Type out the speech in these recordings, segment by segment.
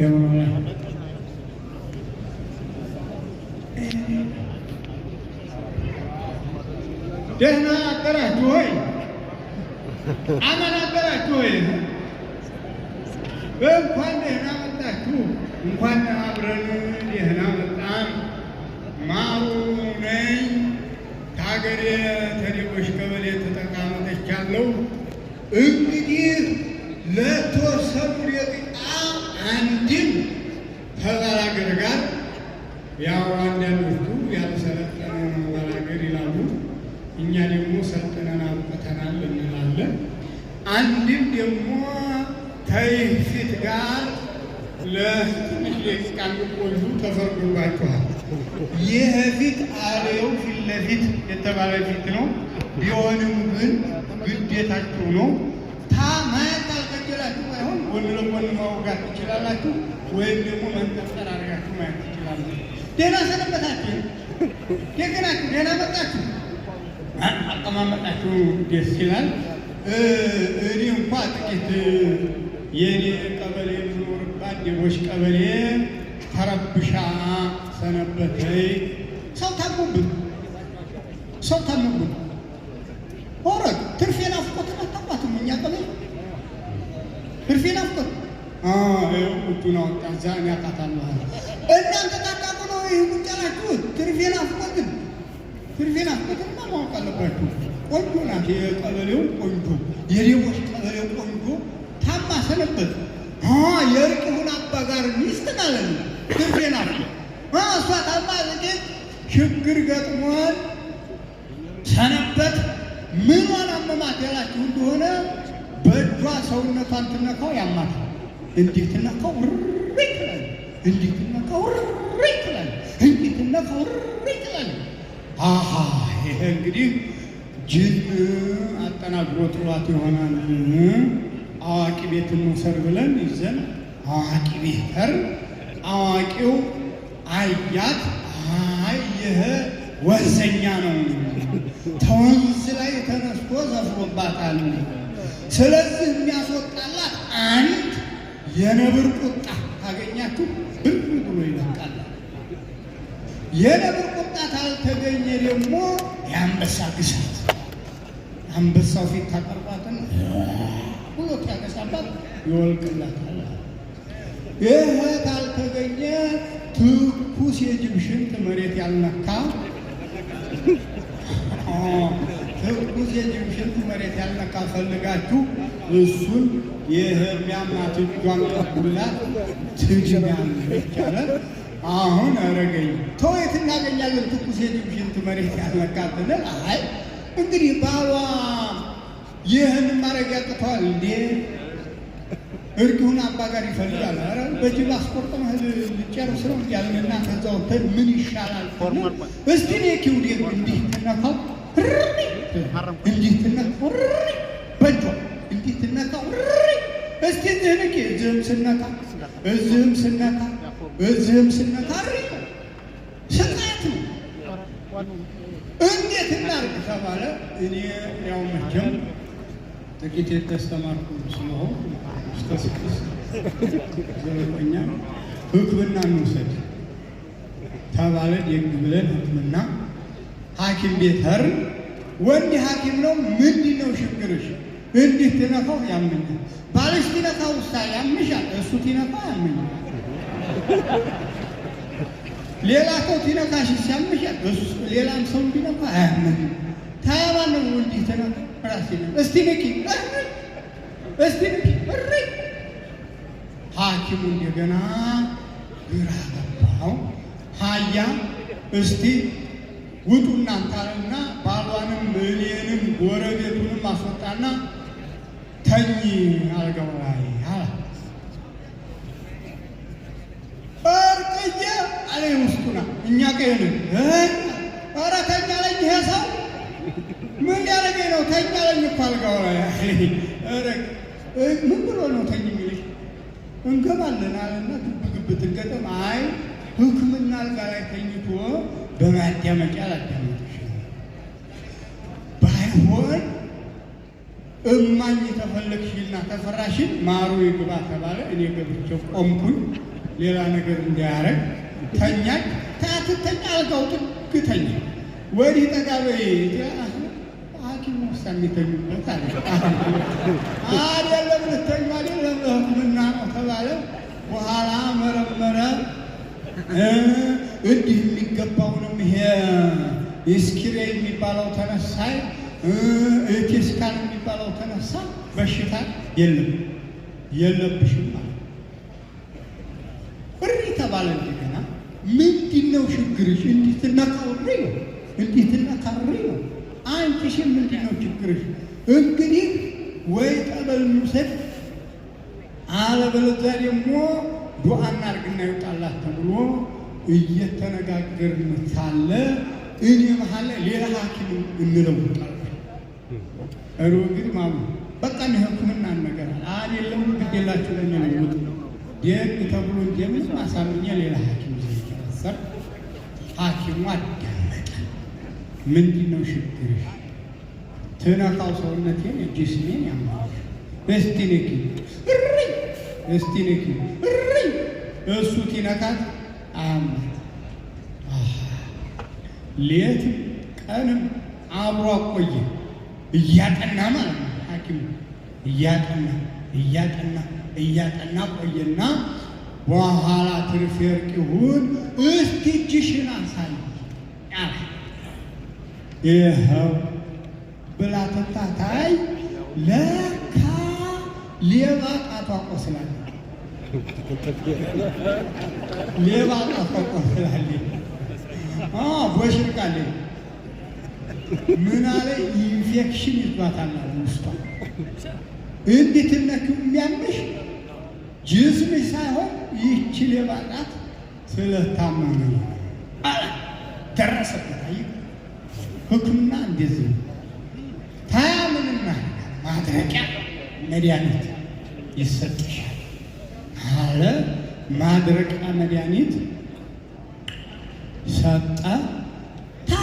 ደህና አደራችሁ ወይ? አመን አደራችሁ ወይ? እንኳን ደህና መጣችሁ። እንኳን አብረን ደህና መጣን። ማሩ ነኝ ከሀገሬ ተሌቆች ቀበሌ ተጠቃመተቻለሁ። እንግዲህ ለተወሰኑ ጋር ያው አንዳንዶቹ ያልሰለጠነ ነው ባላገር ይላሉ። እኛ ደግሞ ሰልጥነን አውቀተናል እንላለን። አንድም ደግሞ ተይፊት ጋር ለትንሽ ደቂቃ እንድትቆዩ ተፈርዶባችኋል። ይህ ፊት አለው ፊት ለፊት የተባለ ፊት ነው። ቢሆንም ግን ግዴታችሁ ነው። ታማያ ካልከጀላችሁ ባይሆን ጎን ለጎን ማውጋት ትችላላችሁ ወይም ደግሞ መንጠፍ ደህና ሰነበታችሁ፣ ደህና ናችሁ፣ ደህና መጣችሁ። አቀማመጣችሁ ደስ ይላል። እኔ እንኳ ጥቂት የኔ ቀበሌ የምኖርባት ደቦች ቀበሌ ተረብሻ ሰነበተይ። ሰው ታሞብን፣ ሰው ታሞብን። ኧረ ትርፌ ናፍቆት አታውቋትም። እኛ ቀበሌ ትርፌ ናፍቆት ቁጡን አወጣ እዛ ያቃታል። እናንተ ታቃ ይህ ቁጭ ያላችሁ ትርፌን አፍቆትን ትርፌን አፍቆትማ ማወቅ አለባችሁ። ቆንጆ ናት፣ የቀበሌው ቆንጆ፣ የሌቦች ቀበሌው ቆንጆ ታማ ሰነበት። የእርቅሁን አባ ጋር ሚስት ማለት ነው። ትርፌን አፍ እሷ ታማ ጥቂት ችግር ገጥሟል ሰነበት። ምን አላመማት ያላችሁ እንደሆነ በእጇ ሰውነቷን ትነካው ያማታል። እንዲህ ትነካው ርቅ ላይ እንዲህ ትነካው ርቅ ላይ እና ከውር ይጥላል። አሃ ይሄ እንግዲህ ጅን አጠናግሮ ጥሏት ይሆናል። አዋቂ ቤት እንውሰድ ብለን ይዘን አዋቂ ቤት ር አዋቂው አያት አይ ይህ ወንዘኛ ነው፣ ተወንዝ ላይ ተነስቶ ዘፍሮባታል። ስለዚህ የሚያስወጣላት አንድ የነብር ቁጣ ታገኛችሁ ብሎ ይለቃል። የነብር ቁጣ አልተገኘ ደግሞ የአንበሳ ግሳት አንበሳው ፊት ታቀርባትን ብሎ ያገሳባት ይወልቅላታል። ይህ አልተገኘ ትኩስ የጅብ ሽንት መሬት ያልነካ ትኩስ የጅብ ሽንት መሬት ያልነካ ፈልጋችሁ እሱን ይህ የሚያምናት እጇን ትጅሚያ ትጅ አሁን አረገኝ ተው፣ የት እናገኛለን ትኩስ የሽንት መሬት ያልመካትልን። አይ እንግዲህ ባሏ ይህን ማድረግ ያቅተዋል እንዴ? እርዱን አባ ጋር ይፈልጋል። አረ በጅብ አስቆርጦ መህል ልጨርስ ነው እያለንና ከዛ ወተን ምን ይሻላል? እስቲ ኔ ኪውዴ እንዲህ ትነካው እንዲህ ትነካው በእጇ እንዲህ ትነካው እስቲ እዚህ እዝህም ስነካ እዝህም ስነካ በዚህም ስንመካረቅ ስቃት ነው። እንዴት እናርግ ተባለ። እኔ ያው መቼም ጥቂት የተስተማርኩ ስለሆን እስከ ስድስት ዘበኛ እንውሰድ ተባለ። ደግ ብለን ሕክምና ሐኪም ቤት ወንድ ሐኪም ነው። ምንድን ነው ችግርሽ? እንዲህ ትነፋው ያምኛል። ባልሽ ትነፋው ውሳ ያምሻል። እሱ ትነፋ ያምኛል ሌላ ሰው ሲነካሽ ሲያምሻል። ሌላም ሰው ቢነካ አያምን ታያባ ነው እንዲ ተናካ ራሴ እስቲ ንኪ እስቲ ንኪ እሪ ሐኪሙ እንደገና ግራ ገባው። ሀያ እስቲ ውጡ እናንተ አለና ባሏንም እኔንም ጎረቤቱንም አስወጣና ተኝ አልጋው ላይ ሊያደርገኝ ነው? ኧረ ተኛለኝ። ይሄ ሰው ምን ሊያደርገኝ ነው? ተኛለኝ እኮ አልጋው ላይ። ምን ብሎ ነው ተኝ የሚለኝ? እንገባለን አለና ግብ ግብ ትገጠም። አይ ሕክምና አልጋ ላይ ተኝቶ በማዳመቂያ ላዳመጥሽ ባይሆን እማኝ ተፈለግሽና ተፈራሽን ማሩ ይግባ ተባለ። እኔ ገብቼ ቆምኩኝ። ሌላ ነገር እንዳያረግ ተኛች። ስትተኛ አልጋው ጥግተኛ ወዲህ ጠጋ በይ ሐኪም ውሳ የሚተኙበት አለ አይደለም ልተኛ አይደለም ለሕክምና ነው ተባለ። በኋላ መረመረ እንዲህ የሚገባውንም ይሄ ኢስኪሬ የሚባለው ተነሳ፣ ቴስካን የሚባለው ተነሳ። በሽታ የለም የለብሽም አለ። እሪ ተባለ እንደገና ምን ችግርሽ እንዲትና ካሪ ነው፣ እንዲትና ካሪ ነው። አንቺሽ ምንድን ነው ችግርሽ? እንግዲህ ወይ ጠበል እንውሰድ፣ አለበለዚያ ደግሞ ዱዓ እናድርግና ይወጣላት ተብሎ እየተነጋገርን ሳለ እኔ መሀል ሌላ ሐኪም እንለውጣል እሮ እንግዲህ ማሙ በቃ ሕክምና ነገር አሌለም ግዴላችሁ ለሚለውጥ ደግ ተብሎ እንደምን አሳምኜ ሌላ ሐኪም ሰር ሐኪሙ አዳመጠ። ምንድን ነው ችግርሽ? ትነካው ሰውነቴን ጅስሜን ያማል። እስቲ ንኪ እሪ፣ እስቲ ንኪ እሪ። እሱ ቲነካት አያማት። ሌትም ቀንም አብሮ አቆየ። እያጠና ማለት ነው ሐኪሙ እያጠና እያጠና እያጠና ቆየና በኋላ ትርፍ ወርቅሁን እስቲ እጅሽን አሳይ ያለ ይኸው ብላ ትታታይ ለካ ሌባ ጣቷ ቆስላለች። ሌባ ጣቷ ቆስላለች። ቦሽርቃለች። ምን አለ ኢንፌክሽን ይዟታል ውስጧ እንድትነኪው የሚያምሽ ጅስም ሳይሆን ይህች ሌባ ናት ስለታመመ ደረሰበት። አይ ሕክምና እንደዚህ ታያ ምንና ማድረቂያ መድኃኒት ይሰጥሻል አለ። ማድረቂያ መድኃኒት ሰጠ። ታ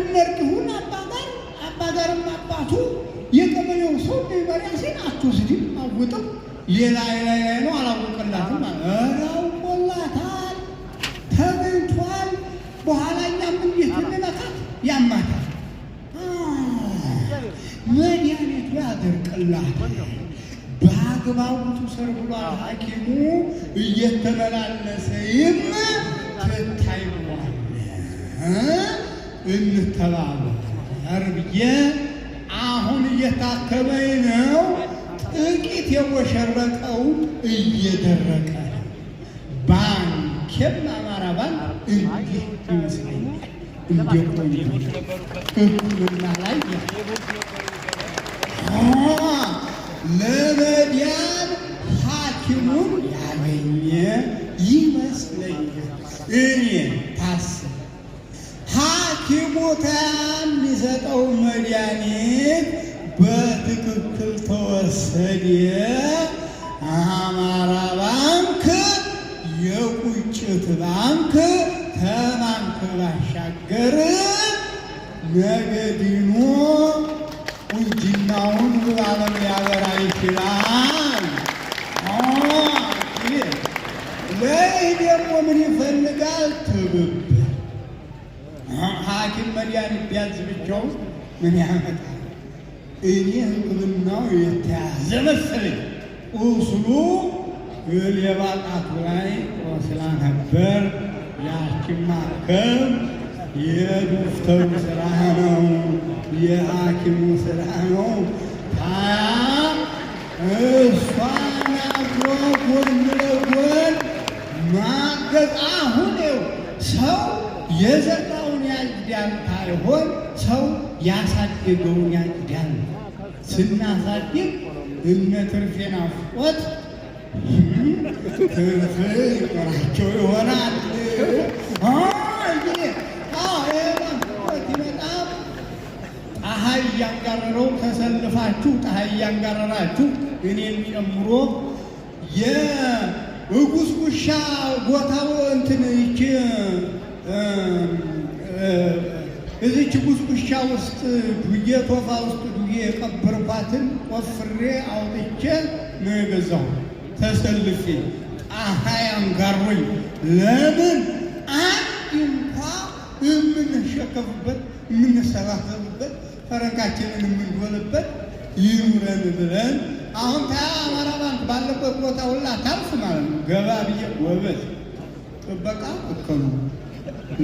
እነርድሁን አባጋር አባጋርም አባቱ የቀበሌው ሰው በሪያሴን አትወስድም አውጥም ሌላ ላይ ላይ ነው አላወቀላትም። አውቆላታል፣ ተገኝቷል። በኋላ እኛም እንዴት እንላታት ያማታል። መድኃኒቱ ያደርቅላት በአግባቡ ትውሰር ብሏል ሐኪሙ እየተመላለሰ ይም ትታይ ብሏል። እንተባበር ብዬ አሁን እየታከበኝ ነው ጥቂት የሞሸረቀውን እየደረቀ ባንኬም አማራ ባንክ እንዲህ ይመስለኛል እንደቆይ ላይ ለመዲያን ሐኪሙን ያገኘ ይመስለኛል። እኔ ታስብ ሐኪሙ ታም ሊሰጠው መድኃኒት በትክክል ተወሰደ። አማራ ባንክ የቁጭት ባንክ ከባንክ ባሻገር ነገዲኑ ቁንጅናውን በዓለም ሊያበራ ይችላል። ለይህ ደግሞ ምን ይፈልጋል? ትብብር። ሐኪም መድኃኒት ቢያዝ ብቻውን ምን ያመጣል? እኔ ሕክምናው የተያዘ መሰለኝ። ቁስሉ የሌባ ጣቱ ላይ ቆስላ ነበር። ያችን ማከም የዶክተሩ ስራ ነው፣ የሐኪሙ ስራ ነው። ታያ እሷን አብሮ ጎን ለጎን ማገዝ አሁን ሰው የዘራውን ያጭዳል ታይሆን ሰው ያሳደገውን ያጭዳል። ስናሳድግ እነ ትርፌን አፍቆት ትርፍ ይቆራቸው ይሆናል። ፀሐይ እያንጋረረው ተሰልፋችሁ ፀሐይ እያንጋረራችሁ እኔን ጨምሮ የጉስጉሻ ቦታ እንትን ይቺ በዚች ጉስቁሻ ውስጥ ዱዬ ቶፋ ውስጥ ዱዬ የቀበርኳትን ቆፍሬ አውጥቼ ነው የገዛሁ። ተሰልፌ ጣሃይ አንጋሮኝ ለምን አንድ እንኳ የምንሸከፍበት የምንሰባሰብበት ፈረንካችንን የምንጎልበት ይኑረን ብለን አሁን ታ አማራ ባንክ ባለበት ቦታ ሁላ ታርፍ ማለት ነው። ገባ ብዬ ወበት ጥበቃ እከኑ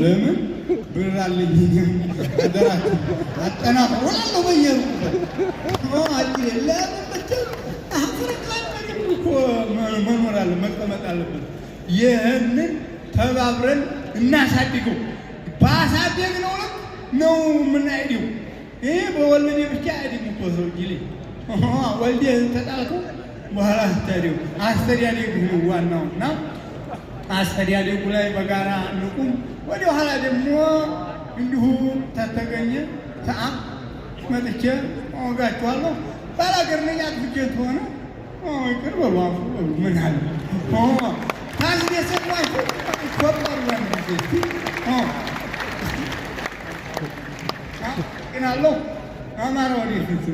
ለምን ብራለኝ አደራችሁ አጠናክሯለሁ በየሩ ማማችን ለምን መኖር አለ መቀመጥ አለበት። ይህንን ተባብረን እናሳድገው። ባሳደግነው ልክ ነው የምናሄደው። ይህ በወለዴ ብቻ አይደለም እኮ ሰው ጅሌ ወልዴ ተጣልከው በኋላ አስተዳደጉ አስተዳደጉ ዋናው እና አስተዳደጉ ላይ በጋራ እንቁም። ወደ ኋላ ደግሞ እንዲሁ ተተገኘ ተአ መጥቼ ወጋችኋለሁ። ባላገር ነኝ አጥፍቼ ተሆነ ይቅር በሉ ምን አለ ታዝ የሰማችሁ ይቆጠሩ ግናለሁ አማራ ወደ ፊት